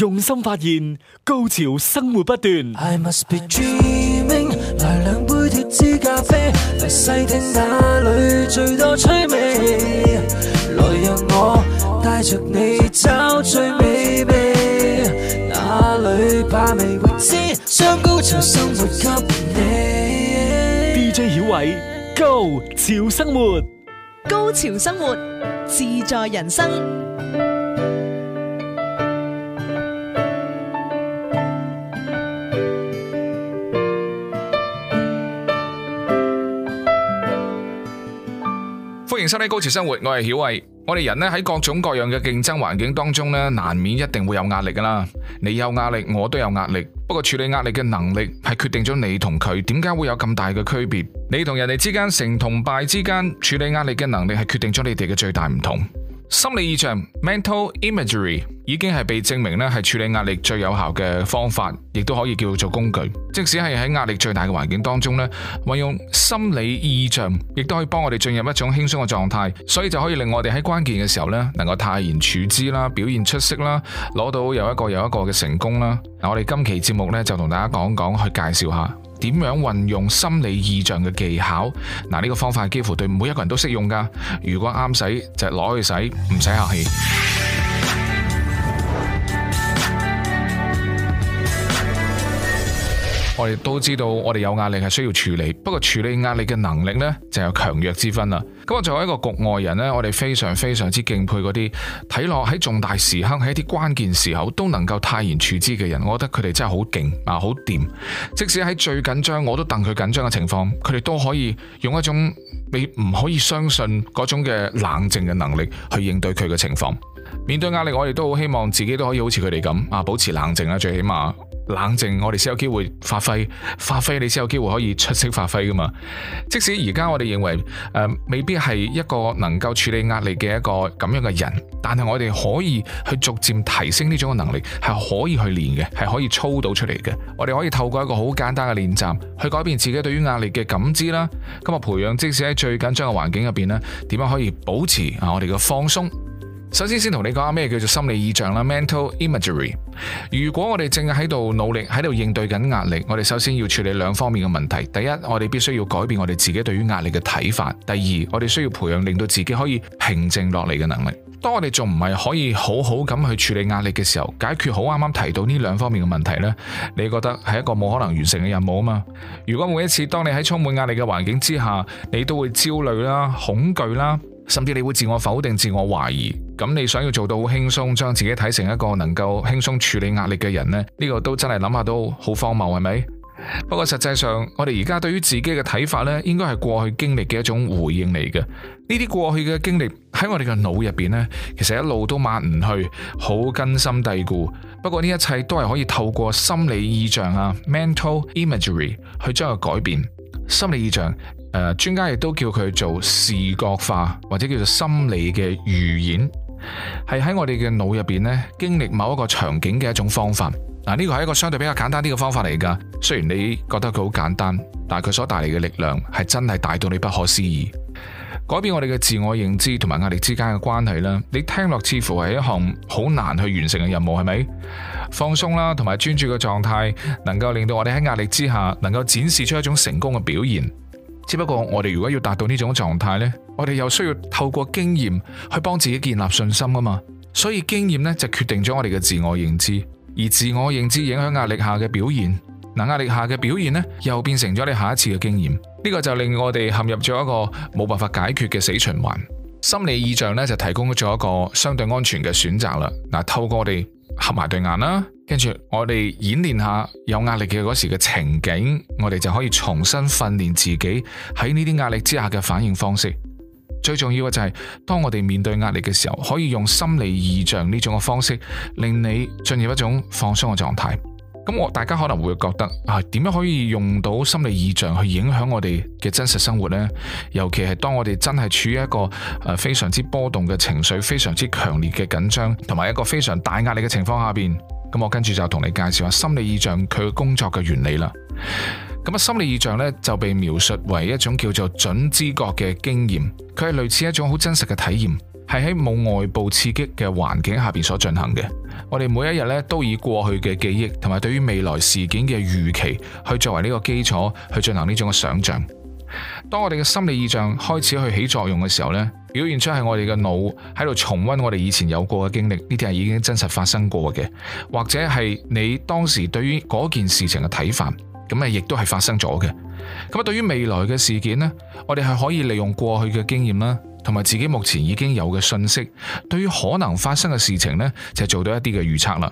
用心發現高潮生活不斷。I must be dreaming，來兩杯鐵咖啡，來細聽哪裏最多趣味，來讓我帶著你找最美味，哪裏怕未知，將高潮生活給你。DJ 曉偉，高潮生活，高潮生活自在人生。收睇高潮生活，我係曉慧。我哋人呢喺各種各樣嘅競爭環境當中呢，難免一定會有壓力噶啦。你有壓力，我都有壓力。不過處理壓力嘅能力係決定咗你同佢點解會有咁大嘅區別。你同人哋之間成同敗之間，處理壓力嘅能力係決定咗你哋嘅最大唔同。心理意象 mental imagery 已經係被證明咧，係處理壓力最有效嘅方法，亦都可以叫做工具。即使係喺壓力最大嘅環境當中咧，運用心理意象，亦都可以幫我哋進入一種輕鬆嘅狀態，所以就可以令我哋喺關鍵嘅時候咧，能夠泰然處之啦，表現出色啦，攞到有一個又一個嘅成功啦。嗱，我哋今期節目咧，就同大家講講，去介紹下，點樣運用心理意象嘅技巧？嗱，呢、這個方法幾乎對每一個人都適用㗎。如果啱使，就攞、是、去使，唔使客氣。我哋都知道，我哋有壓力係需要處理，不過處理壓力嘅能力呢，就有強弱之分啦。咁啊，作為一個局外人呢，我哋非常非常之敬佩嗰啲睇落喺重大時刻、喺一啲關鍵時候都能夠泰然處之嘅人。我覺得佢哋真係好勁啊，好掂。即使喺最緊張，我都戥佢緊張嘅情況，佢哋都可以用一種你唔可以相信嗰種嘅冷靜嘅能力去應對佢嘅情況。面對壓力，我哋都好希望自己都可以好似佢哋咁啊，保持冷靜啦，最起碼。冷靜，我哋先有機會發揮，發揮你先有機會可以出色發揮噶嘛。即使而家我哋認為誒、呃，未必係一個能夠處理壓力嘅一個咁樣嘅人，但係我哋可以去逐漸提升呢種嘅能力，係可以去練嘅，係可以操到出嚟嘅。我哋可以透過一個好簡單嘅練習，去改變自己對於壓力嘅感知啦。咁啊培養，即使喺最緊張嘅環境入邊呢，點樣可以保持啊？我哋嘅放鬆。首先，先同你講下咩叫做心理意象啦，mental imagery。如果我哋正喺度努力，喺度應對緊壓力，我哋首先要處理兩方面嘅問題。第一，我哋必須要改變我哋自己對於壓力嘅睇法，第二，我哋需要培養令到自己可以平靜落嚟嘅能力。當我哋仲唔係可以好好咁去處理壓力嘅時候，解決好啱啱提到呢兩方面嘅問題呢，你覺得係一個冇可能完成嘅任務啊嘛？如果每一次當你喺充滿壓力嘅環境之下，你都會焦慮啦、恐懼啦。甚至你會自我否定、自我懷疑，咁你想要做到好輕鬆，將自己睇成一個能夠輕鬆處理壓力嘅人呢？呢、呢個都真係諗下都好荒謬，係咪？不過實際上，我哋而家對於自己嘅睇法呢，應該係過去經歷嘅一種回應嚟嘅。呢啲過去嘅經歷喺我哋嘅腦入邊呢，其實一路都抹唔去，好根深蒂固。不過呢一切都係可以透過心理意象啊 （mental imagery） 去將佢改變。心理意象。誒，專家亦都叫佢做視覺化或者叫做心理嘅預演，係喺我哋嘅腦入邊咧，經歷某一個場景嘅一種方法嗱。呢個係一個相對比較簡單啲嘅方法嚟噶。雖然你覺得佢好簡單，但係佢所帶嚟嘅力量係真係大到你不可思議，改變我哋嘅自我認知同埋壓力之間嘅關係啦。你聽落似乎係一項好難去完成嘅任務，係咪？放鬆啦，同埋專注嘅狀態，能夠令到我哋喺壓力之下能夠展示出一種成功嘅表現。只不過我哋如果要達到呢種狀態呢，我哋又需要透過經驗去幫自己建立信心㗎嘛，所以經驗呢就決定咗我哋嘅自我認知，而自我認知影響壓力下嘅表現，嗱，壓力下嘅表現呢又變成咗你下一次嘅經驗，呢個就令我哋陷入咗一個冇辦法解決嘅死循環。心理意象呢就提供咗一個相對安全嘅選擇啦，嗱，透過我哋合埋對眼啦。跟住，我哋演練下有壓力嘅嗰時嘅情景，我哋就可以重新訓練自己喺呢啲壓力之下嘅反應方式。最重要嘅就係，當我哋面對壓力嘅時候，可以用心理意象呢種嘅方式，令你進入一種放鬆嘅狀態。咁我大家可能會覺得啊，點樣可以用到心理意象去影響我哋嘅真實生活呢？尤其係當我哋真係處於一個誒非常之波動嘅情緒，非常之強烈嘅緊張，同埋一個非常大壓力嘅情況下邊。咁我跟住就同你介紹下心理意象佢嘅工作嘅原理啦。咁啊，心理意象呢，就被描述為一種叫做準知覺嘅經驗，佢係類似一種好真實嘅體驗，係喺冇外部刺激嘅環境下邊所進行嘅。我哋每一日呢，都以過去嘅記憶同埋對於未來事件嘅預期去作為呢個基礎去進行呢種嘅想象。當我哋嘅心理意象開始去起作用嘅時候呢，表現出係我哋嘅腦喺度重温我哋以前有過嘅經歷，呢啲係已經真實發生過嘅，或者係你當時對於嗰件事情嘅睇法，咁啊亦都係發生咗嘅。咁啊，對於未來嘅事件呢，我哋係可以利用過去嘅經驗啦，同埋自己目前已經有嘅信息，對於可能發生嘅事情呢，就做到一啲嘅預測啦。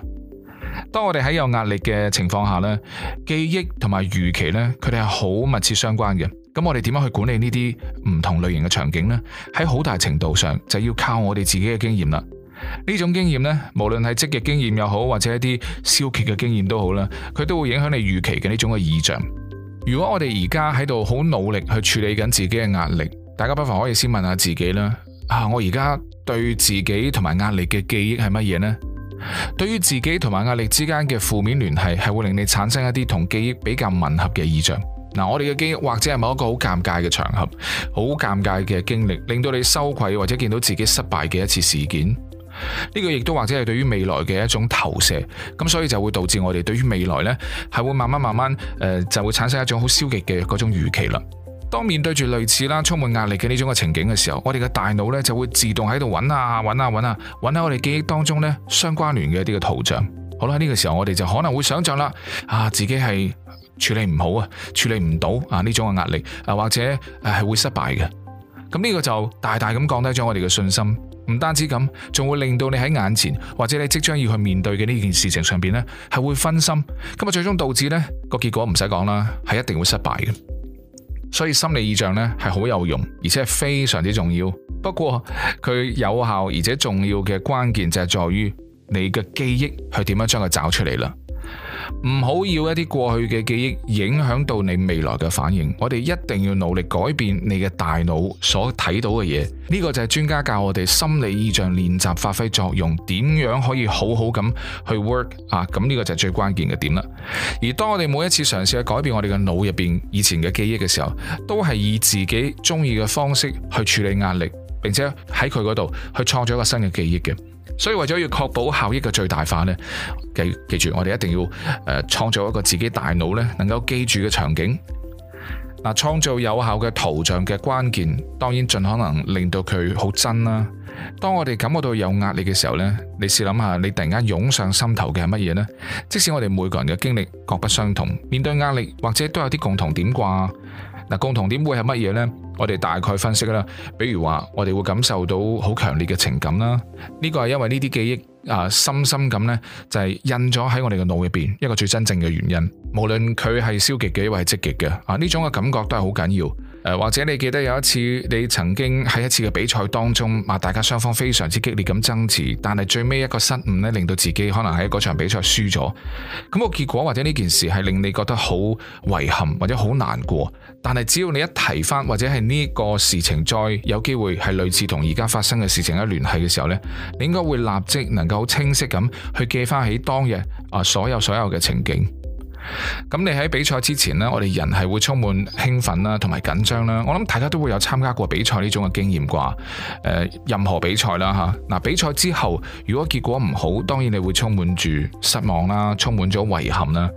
當我哋喺有壓力嘅情況下呢，記憶同埋預期呢，佢哋係好密切相關嘅。咁我哋點樣去管理呢啲唔同類型嘅場景呢？喺好大程度上就要靠我哋自己嘅經驗啦。呢種經驗呢，無論係積極經驗又好，或者一啲消極嘅經驗都好啦，佢都會影響你預期嘅呢種嘅意象。如果我哋而家喺度好努力去處理緊自己嘅壓力，大家不妨可以先問下自己啦。啊，我而家對自己同埋壓力嘅記憶係乜嘢呢？對於自己同埋壓力之間嘅負面聯繫，係會令你產生一啲同記憶比較吻合嘅意象。嗱，我哋嘅記憶或者係某一個好尷尬嘅場合，好尷尬嘅經歷，令到你羞愧或者見到自己失敗嘅一次事件。呢個亦都或者係對於未來嘅一種投射，咁所以就會導致我哋對於未來呢係會慢慢慢慢誒、呃，就會產生一種好消極嘅嗰種預期啦。當面對住類似啦，充滿壓力嘅呢種嘅情景嘅時候，我哋嘅大腦呢就會自動喺度揾啊揾啊揾啊揾喺、啊、我哋記憶當中呢相關聯嘅一啲嘅圖像。好啦，呢個時候我哋就可能會想象啦，啊自己係。處理唔好啊，處理唔到啊呢種嘅壓力，啊或者誒係會失敗嘅。咁呢個就大大咁降低咗我哋嘅信心，唔單止咁，仲會令到你喺眼前或者你即將要去面對嘅呢件事情上邊呢，係會分心，咁啊最終導致呢個結果唔使講啦，係一定會失敗嘅。所以心理意象呢，係好有用，而且係非常之重要。不過佢有效而且重要嘅關鍵就係在於你嘅記憶去點樣將佢找出嚟啦。唔好要一啲過去嘅記憶影響到你未來嘅反應，我哋一定要努力改變你嘅大腦所睇到嘅嘢。呢個就係專家教我哋心理意象練習發揮作用，點樣可以好好咁去 work 啊？咁呢個就係最關鍵嘅點啦。而當我哋每一次嘗試去改變我哋嘅腦入邊以前嘅記憶嘅時候，都係以自己中意嘅方式去處理壓力，並且喺佢嗰度去創造一個新嘅記憶嘅。所以為咗要確保效益嘅最大化呢，記記住我哋一定要誒、呃、創造一個自己大腦咧能夠記住嘅場景。嗱、呃，創造有效嘅圖像嘅關鍵，當然盡可能令到佢好真啦、啊。當我哋感覺到有壓力嘅時候呢，你試諗下，你突然間湧上心頭嘅係乜嘢呢？即使我哋每個人嘅經歷各不相同，面對壓力或者都有啲共同點啩。嗱，共同點會係乜嘢呢？我哋大概分析啦，比如話我哋會感受到好強烈嘅情感啦，呢個係因為呢啲記憶啊深深咁呢，就係印咗喺我哋嘅腦入邊，一個最真正嘅原因。無論佢係消極嘅，抑或係積極嘅，啊呢種嘅感覺都係好緊要。誒，或者你記得有一次，你曾經喺一次嘅比賽當中，啊，大家雙方非常之激烈咁爭持，但係最尾一個失誤呢，令到自己可能喺嗰場比賽輸咗。咁、那個結果或者呢件事係令你覺得好遺憾或者好難過。但係只要你一提翻或者係呢個事情，再有機會係類似同而家發生嘅事情一聯繫嘅時候呢，你應該會立即能夠好清晰咁去記翻起當日啊所有所有嘅情景。咁你喺比賽之前呢，我哋人係會充滿興奮啦，同埋緊張啦。我諗大家都會有參加過比賽呢種嘅經驗啩。誒、呃，任何比賽啦吓，嗱、啊、比賽之後，如果結果唔好，當然你會充滿住失望啦，充滿咗遺憾啦。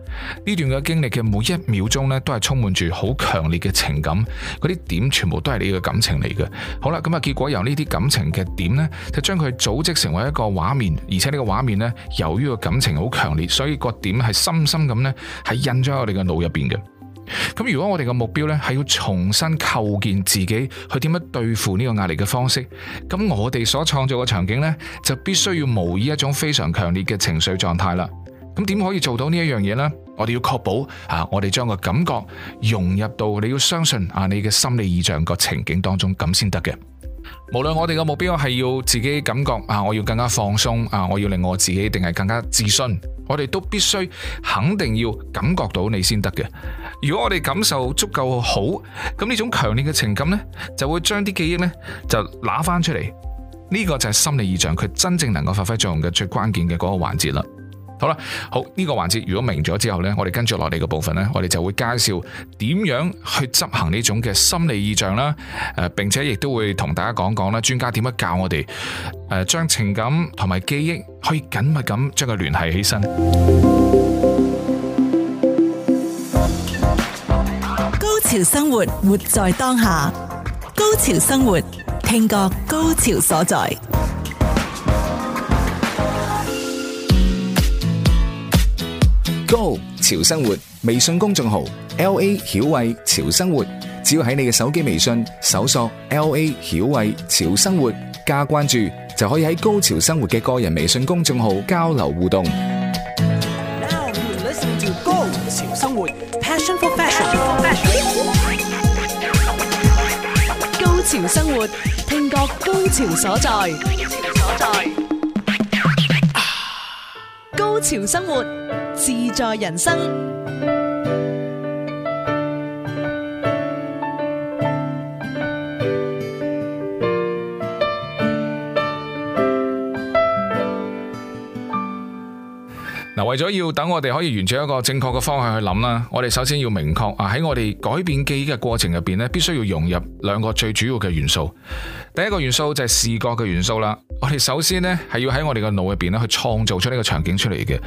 呢段嘅經歷嘅每一秒鐘呢，都係充滿住好強烈嘅情感。嗰啲點全部都係你嘅感情嚟嘅。好啦，咁啊，結果由呢啲感情嘅點呢，就將佢組織成為一個畫面，而且呢個畫面呢，由於個感情好強烈，所以個點係深深咁呢。係印咗喺我哋嘅腦入邊嘅。咁如果我哋嘅目標呢，係要重新構建自己，去點樣對付呢個壓力嘅方式，咁我哋所創造嘅場景呢，就必須要模擬一種非常強烈嘅情緒狀態啦。咁點可以做到呢一樣嘢呢？我哋要確保啊，我哋將個感覺融入到你要相信啊，你嘅心理意象個情景當中咁先得嘅。無論我哋嘅目標係要自己感覺啊，我要更加放鬆啊，我要令我自己定係更加自信，我哋都必須肯定要感覺到你先得嘅。如果我哋感受足夠好，咁呢種強烈嘅情感呢，就會將啲記憶呢就攞翻出嚟。呢個就係心理意象，佢真正能夠發揮作用嘅最關鍵嘅嗰個環節啦。好啦，好，呢個環節，如果明咗之後呢，我哋跟住落嚟嘅部分呢，我哋就會介紹點樣去執行呢種嘅心理意象啦。誒、呃，並且亦都會同大家講講啦，專家點樣教我哋誒、呃，將情感同埋記憶去緊密咁將佢聯繫起身。高潮生活，活在當下。高潮生活，聽覺高潮所在。Go 潮生活微信公眾號 L A 曉慧潮生活。只要喺你嘅手機微信搜索 L A 曉慧潮生活加關注，就可以喺高潮生活嘅個人微信公眾號交流互動。Now you listen to Go 潮生活 ,Passion for fashion。高潮生活，聽覺高潮所在，高潮，高潮所在。高潮生活。自在人生嗱，為咗要等我哋可以沿住一個正確嘅方向去諗啦，我哋首先要明確啊，喺我哋改變自己嘅過程入邊咧，必須要融入兩個最主要嘅元素。第一個元素就係視覺嘅元素啦，我哋首先咧係要喺我哋嘅腦入邊咧去創造出呢個場景出嚟嘅。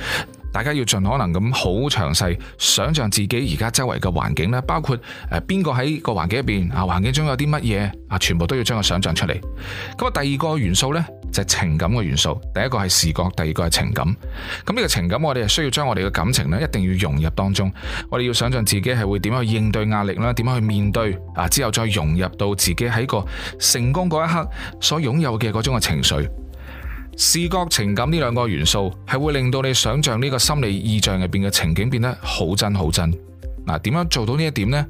大家要盡可能咁好詳細想象自己而家周圍嘅環境咧，包括誒邊個喺個環境入邊啊，環境中有啲乜嘢啊，全部都要將佢想象出嚟。咁啊，第二個元素呢，就係情感嘅元素。第一個係視覺，第二個係情感。咁呢個情感我哋需要將我哋嘅感情咧一定要融入當中。我哋要想象自己係會點樣去應對壓力啦，點樣去面對啊，之後再融入到自己喺個成功嗰一刻所擁有嘅嗰種嘅情緒。視覺、情感呢兩個元素係會令到你想象呢個心理意象入邊嘅情景變得好真好真。嗱，點樣做到呢一點呢？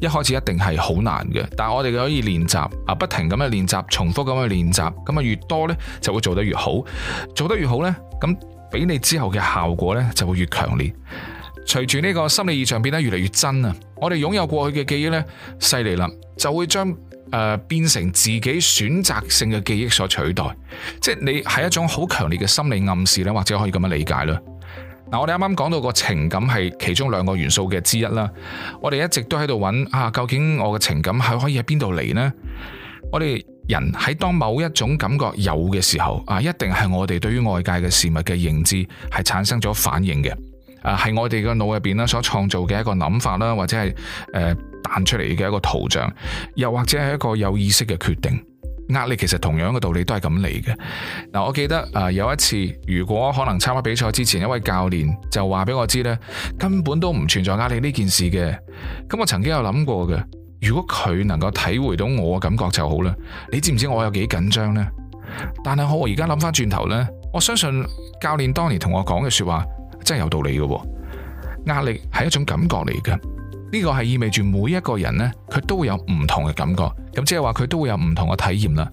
一開始一定係好難嘅，但係我哋可以練習啊，不停咁去練習，重複咁去練習，咁啊越多呢，就會做得越好，做得越好呢，咁俾你之後嘅效果呢，就會越強烈。隨住呢個心理意象變得越嚟越真啊，我哋擁有過去嘅記憶呢，犀利啦，就會將。誒、呃，變成自己選擇性嘅記憶所取代，即係你係一種好強烈嘅心理暗示咧，或者可以咁樣理解啦。嗱、呃，我哋啱啱講到個情感係其中兩個元素嘅之一啦，我哋一直都喺度揾啊，究竟我嘅情感係可以喺邊度嚟呢？我哋人喺當某一種感覺有嘅時候啊，一定係我哋對於外界嘅事物嘅認知係產生咗反應嘅，誒、啊，係我哋個腦入邊啦所創造嘅一個諗法啦，或者係誒。呃彈出嚟嘅一個圖像，又或者係一個有意識嘅決定，壓力其實同樣嘅道理都係咁嚟嘅。嗱，我記得誒有一次，如果可能參加比賽之前，一位教練就話俾我知咧，根本都唔存在壓力呢件事嘅。咁我曾經有諗過嘅，如果佢能夠體會到我嘅感覺就好啦。你知唔知我有幾緊張呢？但係好我而家諗翻轉頭呢，我相信教練當年同我講嘅說話真係有道理嘅。壓力係一種感覺嚟嘅。呢個係意味住每一個人呢，佢都會有唔同嘅感覺，咁即係話佢都會有唔同嘅體驗啦。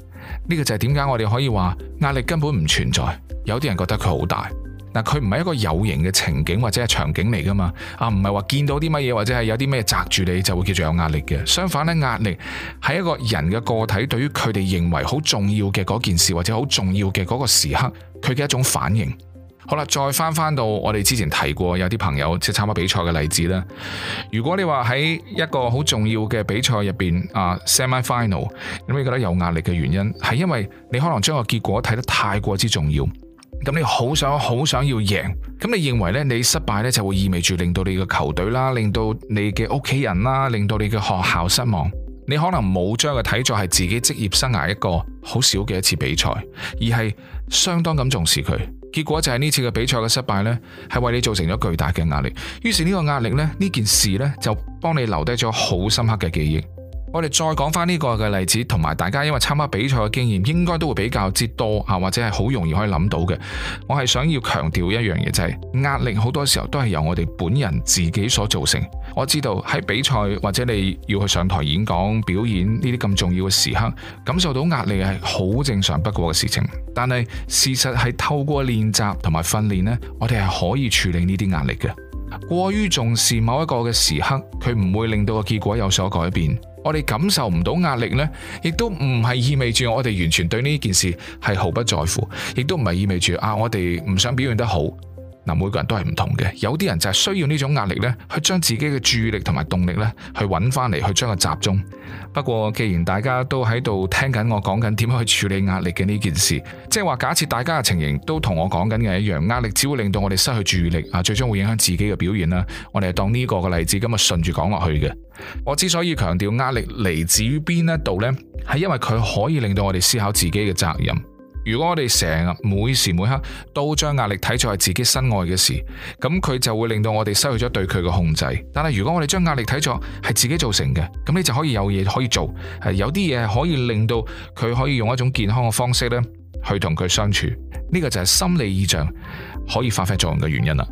呢個就係點解我哋可以話壓力根本唔存在。有啲人覺得佢好大，嗱，佢唔係一個有形嘅情景或者係場景嚟噶嘛。啊，唔係話見到啲乜嘢或者係有啲咩砸住你就會叫做有壓力嘅。相反咧，壓力係一個人嘅個體對於佢哋認為好重要嘅嗰件事或者好重要嘅嗰個時刻佢嘅一種反應。好啦，再翻翻到我哋之前提過有啲朋友即係參加比賽嘅例子啦。如果你話喺一個好重要嘅比賽入邊啊，semi-final，咁你覺得有壓力嘅原因係因為你可能將個結果睇得太過之重要，咁你好想好想要贏，咁你認為呢，你失敗呢，就會意味住令到你嘅球隊啦，令到你嘅屋企人啦，令到你嘅學校失望。你可能冇將佢睇作係自己職業生涯一個好少嘅一次比賽，而係相當咁重視佢。結果就係呢次嘅比賽嘅失敗咧，係為你造成咗巨大嘅壓力。於是呢個壓力咧，呢件事咧就幫你留低咗好深刻嘅記憶。我哋再講翻呢個嘅例子，同埋大家因為參加比賽嘅經驗，應該都會比較之多啊，或者係好容易可以諗到嘅。我係想要強調一樣嘢，就係壓力好多時候都係由我哋本人自己所造成。我知道喺比賽或者你要去上台演講、表演呢啲咁重要嘅時刻，感受到壓力係好正常不過嘅事情。但係事實係透過練習同埋訓練呢，我哋係可以處理呢啲壓力嘅。過於重視某一個嘅時刻，佢唔會令到個結果有所改變。我哋感受唔到壓力呢，亦都唔係意味住我哋完全對呢件事係毫不在乎，亦都唔係意味住啊，我哋唔想表現得好。嗱，每個人都係唔同嘅，有啲人就係需要呢種壓力呢，去將自己嘅注意力同埋動力呢，去揾翻嚟，去將佢集中。不過，既然大家都喺度聽緊我講緊點樣去處理壓力嘅呢件事，即係話假設大家嘅情形都同我講緊嘅一樣，壓力只會令到我哋失去注意力啊，最終會影響自己嘅表現啦。我哋係當呢個嘅例子，噉順住講落去嘅。我之所以強調壓力嚟自於邊一度呢，係因為佢可以令到我哋思考自己嘅責任。如果我哋成日每時每刻都將壓力睇作係自己身外嘅事，咁佢就會令到我哋失去咗對佢嘅控制。但係如果我哋將壓力睇作係自己造成嘅，咁你就可以有嘢可以做，係有啲嘢可以令到佢可以用一種健康嘅方式咧，去同佢相處。呢、這個就係心理意象可以發揮作用嘅原因啦。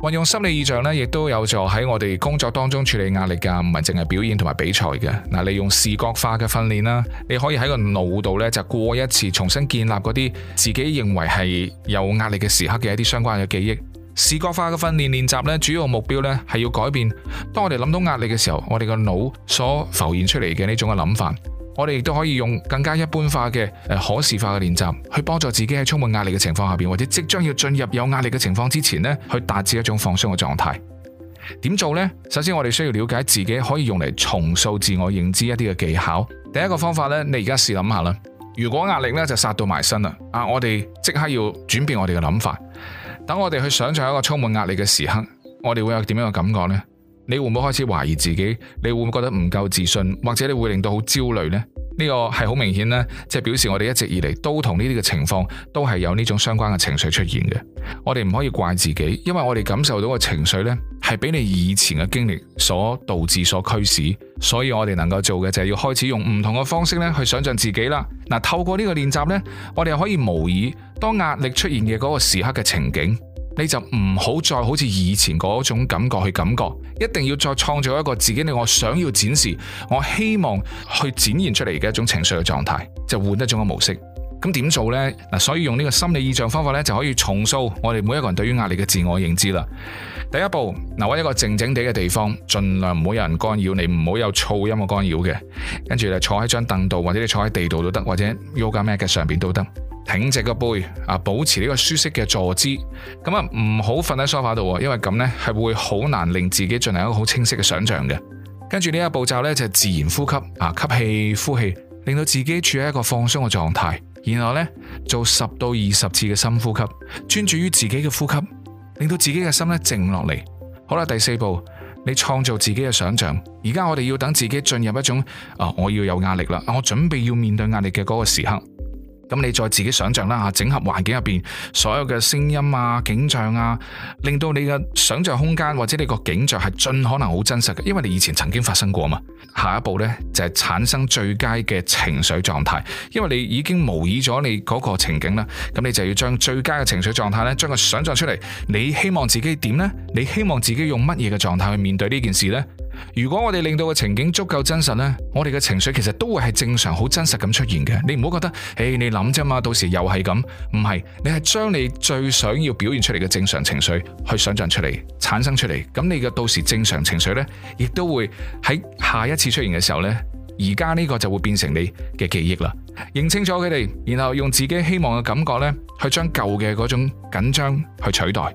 運用心理意象咧，亦都有助喺我哋工作當中處理壓力噶，唔係淨係表演同埋比賽嘅。嗱，利用視覺化嘅訓練啦，你可以喺個腦度咧就過一次，重新建立嗰啲自己認為係有壓力嘅時刻嘅一啲相關嘅記憶。視覺化嘅訓練練習咧，主要目標咧係要改變，當我哋諗到壓力嘅時候，我哋個腦所浮現出嚟嘅呢種嘅諗法。我哋亦都可以用更加一般化嘅誒可視化嘅練習，去幫助自己喺充滿壓力嘅情況下邊，或者即將要進入有壓力嘅情況之前咧，去達至一種放鬆嘅狀態。點做呢？首先我哋需要了解自己可以用嚟重塑自我認知一啲嘅技巧。第一個方法呢，你而家試諗下啦。如果壓力咧就殺到埋身啦，啊我哋即刻要轉變我哋嘅諗法。等我哋去想象一個充滿壓力嘅時刻，我哋會有點樣嘅感覺呢？你會唔會開始懷疑自己？你會唔會覺得唔夠自信，或者你會令到好焦慮呢？呢個係好明顯咧，即係表示我哋一直以嚟都同呢啲嘅情況都係有呢種相關嘅情緒出現嘅。我哋唔可以怪自己，因為我哋感受到嘅情緒呢係俾你以前嘅經歷所導致、所驅使，所以我哋能夠做嘅就係要開始用唔同嘅方式呢去想象自己啦。嗱，透過呢個練習呢，我哋可以模擬當壓力出現嘅嗰個時刻嘅情景。你就唔好再好似以前嗰種感覺去感覺，一定要再創造一個自己你我想要展示、我希望去展現出嚟嘅一種情緒嘅狀態，就換一種嘅模式。咁點做呢？嗱，所以用呢個心理意象方法呢，就可以重塑我哋每一個人對於壓力嘅自我認知啦。第一步，嗱，揾一個靜靜地嘅地方，盡量唔好有人干擾你，唔好有噪音嘅干擾嘅，跟住咧坐喺張凳度或者你坐喺地度都得，或者 yoga mat 嘅上邊都得。挺直個背啊，保持呢個舒適嘅坐姿，咁啊唔好瞓喺梳化度，因為咁呢係會好難令自己進行一個好清晰嘅想象嘅。跟住呢一步驟呢，就自然呼吸啊，吸氣呼氣，令到自己處喺一個放鬆嘅狀態。然後呢，做十到二十次嘅深呼吸，專注於自己嘅呼吸，令到自己嘅心呢靜落嚟。好啦，第四步，你創造自己嘅想象。而家我哋要等自己進入一種啊，我要有壓力啦，我準備要面對壓力嘅嗰個時刻。咁你再自己想象啦，吓，整合環境入邊所有嘅聲音啊、景象啊，令到你嘅想象空間或者你個景象係盡可能好真實嘅，因為你以前曾經發生過嘛。下一步呢，就係產生最佳嘅情緒狀態，因為你已經模擬咗你嗰個情景啦。咁你就要將最佳嘅情緒狀態呢，將佢想象出嚟。你希望自己點呢？你希望自己用乜嘢嘅狀態去面對呢件事呢？如果我哋令到嘅情景足夠真實呢，我哋嘅情緒其實都會係正常、好真實咁出現嘅。你唔好覺得，誒，你諗啫嘛，到時又係咁。唔係，你係將你最想要表現出嚟嘅正常情緒去想象出嚟、產生出嚟。咁你嘅到時正常情緒呢，亦都會喺下一次出現嘅時候呢，而家呢個就會變成你嘅記憶啦。認清楚佢哋，然後用自己希望嘅感覺呢，去將舊嘅嗰種緊張去取代。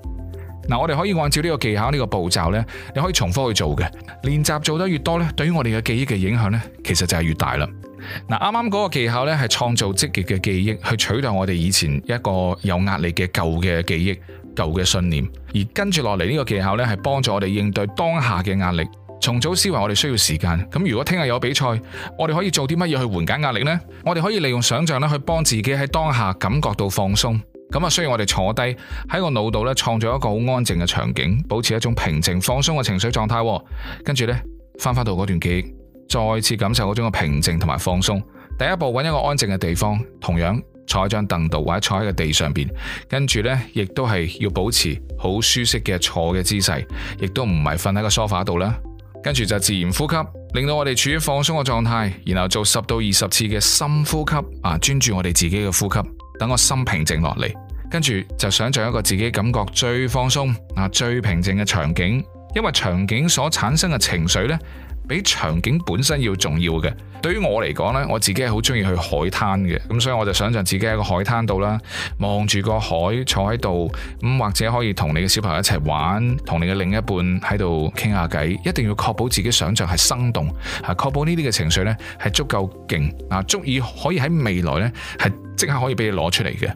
嗱，我哋可以按照呢個技巧呢個步驟咧，你可以重複去做嘅。練習做得越多咧，對於我哋嘅記憶嘅影響咧，其實就係越大啦。嗱，啱啱嗰個技巧咧係創造積極嘅記憶去取代我哋以前一個有壓力嘅舊嘅記憶、舊嘅信念，而跟住落嚟呢個技巧咧係幫助我哋應對當下嘅壓力。重組思維我哋需要時間。咁如果聽日有比賽，我哋可以做啲乜嘢去緩解壓力呢？我哋可以利用想象咧去幫自己喺當下感覺到放鬆。咁啊，需要我哋坐低喺個腦度咧，創造一個好安靜嘅場景，保持一種平靜放鬆嘅情緒狀態。跟住呢，翻翻到嗰段記憶，再次感受嗰種嘅平靜同埋放鬆。第一步，揾一個安靜嘅地方，同樣坐喺張凳度或者坐喺個地上邊。跟住呢，亦都係要保持好舒適嘅坐嘅姿勢，亦都唔係瞓喺個梳化度啦。跟住就自然呼吸，令到我哋處於放鬆嘅狀態。然後做十到二十次嘅深呼吸，啊，專注我哋自己嘅呼吸，等我心平靜落嚟。跟住就想象一個自己感覺最放鬆、啊最平靜嘅場景，因為場景所產生嘅情緒呢，比場景本身要重要嘅。對於我嚟講呢，我自己係好中意去海灘嘅，咁所以我就想象自己喺個海灘度啦，望住個海坐，坐喺度，咁或者可以同你嘅小朋友一齊玩，同你嘅另一半喺度傾下偈。一定要確保自己想象係生動，啊，確保呢啲嘅情緒呢係足夠勁，啊，足以可以喺未來呢係。即刻可以俾你攞出嚟嘅。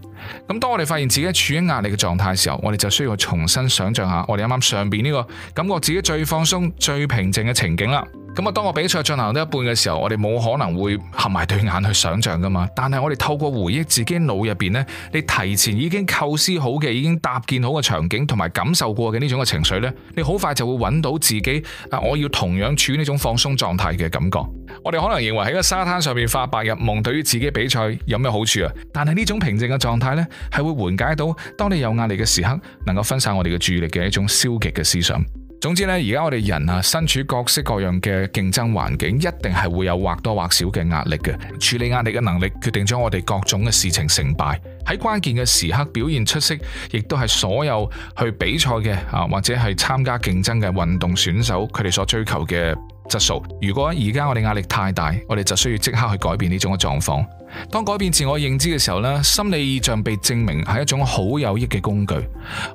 咁當我哋發現自己處於壓力嘅狀態時候，我哋就需要重新想象下我剛剛、這個，我哋啱啱上邊呢個感覺自己最放鬆、最平靜嘅情景啦。咁啊，當我比賽進行到一半嘅時候，我哋冇可能會合埋對眼去想象噶嘛。但係我哋透過回憶自己腦入邊呢，你提前已經構思好嘅、已經搭建好嘅場景，同埋感受過嘅呢種嘅情緒呢，你好快就會揾到自己啊！我要同樣處於呢種放鬆狀態嘅感覺。我哋可能認為喺個沙灘上面發白日夢，對於自己比賽有咩好處啊？但係呢種平靜嘅狀態呢，係會緩解到當你有壓力嘅時刻，能夠分散我哋嘅注意力嘅一種消極嘅思想。總之呢，而家我哋人啊，身處各式各樣嘅競爭環境，一定係會有或多或少嘅壓力嘅。處理壓力嘅能力，決定咗我哋各種嘅事情成敗。喺關鍵嘅時刻表現出色，亦都係所有去比賽嘅啊，或者係參加競爭嘅運動選手，佢哋所追求嘅質素。如果而家我哋壓力太大，我哋就需要即刻去改變呢種嘅狀況。當改變自我認知嘅時候咧，心理意象被證明係一種好有益嘅工具。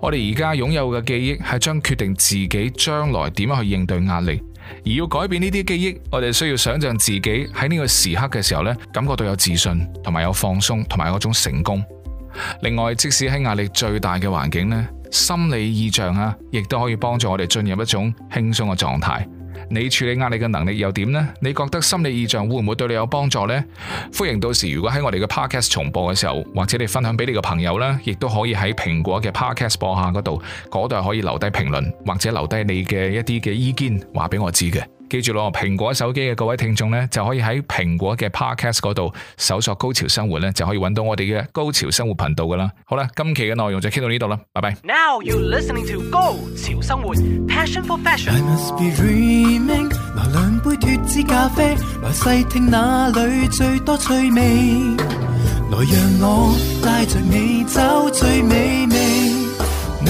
我哋而家擁有嘅記憶係將決定自己將來點樣去應對壓力。而要改變呢啲記憶，我哋需要想象自己喺呢個時刻嘅時候咧，感覺到有自信同埋有，有放鬆同埋嗰種成功。另外，即使喺壓力最大嘅環境咧，心理意象啊，亦都可以幫助我哋進入一種輕鬆嘅狀態。你處理壓力嘅能力又點呢？你覺得心理意象會唔會對你有幫助呢？歡迎到時如果喺我哋嘅 podcast 重播嘅時候，或者你分享俾你嘅朋友啦，亦都可以喺蘋果嘅 podcast 播下嗰度，嗰度係可以留低評論或者留低你嘅一啲嘅意見，話俾我知嘅。記住咯，蘋果手機嘅各位聽眾呢，就可以喺蘋果嘅 Podcast 嗰度搜索《高潮生活》呢，就可以揾到我哋嘅《高潮生活》頻道噶啦。好啦，今期嘅內容就傾到呢度啦，拜拜。Now you listening to《高潮生活》，Passion for Fashion。I must be dreaming。來兩杯脫脂咖啡，來細聽哪裏最多趣味。來讓我帶着你走最美味。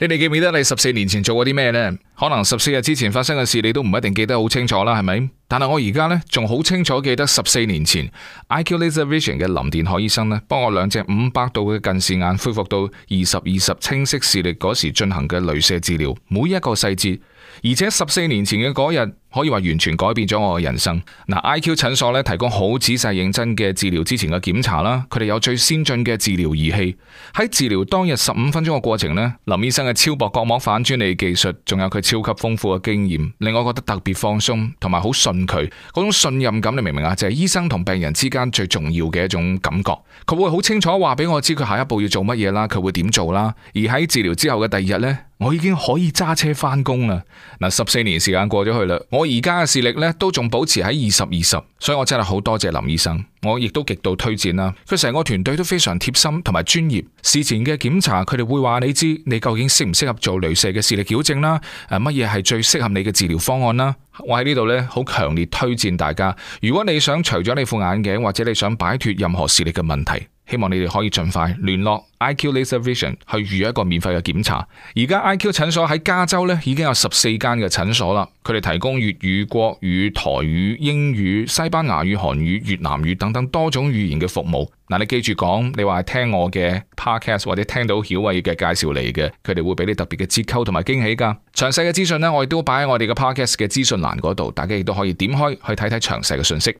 你哋記唔記得你十四年前做過啲咩呢？可能十四日之前發生嘅事，你都唔一定記得好清楚啦，係咪？但係我而家呢，仲好清楚記得十四年前 IQ Laser Vision 嘅林電海醫生呢，幫我兩隻五百度嘅近視眼恢復到二十二十清晰視力嗰時進行嘅鐳射治療，每一個細節。而且十四年前嘅嗰日，可以話完全改變咗我嘅人生。嗱，I Q 診所咧提供好仔細認真嘅治療，之前嘅檢查啦，佢哋有最先進嘅治療儀器。喺治療當日十五分鐘嘅過程呢，林醫生嘅超薄角膜反專利技術，仲有佢超級豐富嘅經驗，令我覺得特別放鬆，同埋好信佢嗰種信任感。你明唔明啊？就係醫生同病人之間最重要嘅一種感覺。佢會好清楚話俾我知佢下一步要做乜嘢啦，佢會點做啦。而喺治療之後嘅第二日呢。我已經可以揸車返工啦！嗱，十四年時間過咗去啦，我而家嘅視力呢都仲保持喺二十二十，20, 所以我真係好多謝林醫生，我亦都極度推薦啦。佢成個團隊都非常貼心同埋專業，事前嘅檢查佢哋會話你知你究竟適唔適合做鐳射嘅視力矯正啦，乜嘢係最適合你嘅治療方案啦。我喺呢度呢，好強烈推薦大家，如果你想除咗你副眼鏡，或者你想擺脫任何視力嘅問題。希望你哋可以盡快聯絡 IQ Laser Vision 去預約一個免費嘅檢查。而家 IQ 診所喺加州咧已經有十四間嘅診所啦，佢哋提供粵語、國語、台語、英語、西班牙語、韓語、越南語等等多種語言嘅服務。嗱，你記住講，你話係聽我嘅 podcast 或者聽到曉偉嘅介紹嚟嘅，佢哋會俾你特別嘅折扣同埋驚喜㗎。詳細嘅資訊呢，我哋都擺喺我哋嘅 podcast 嘅資訊欄嗰度，大家亦都可以點開去睇睇詳細嘅信息。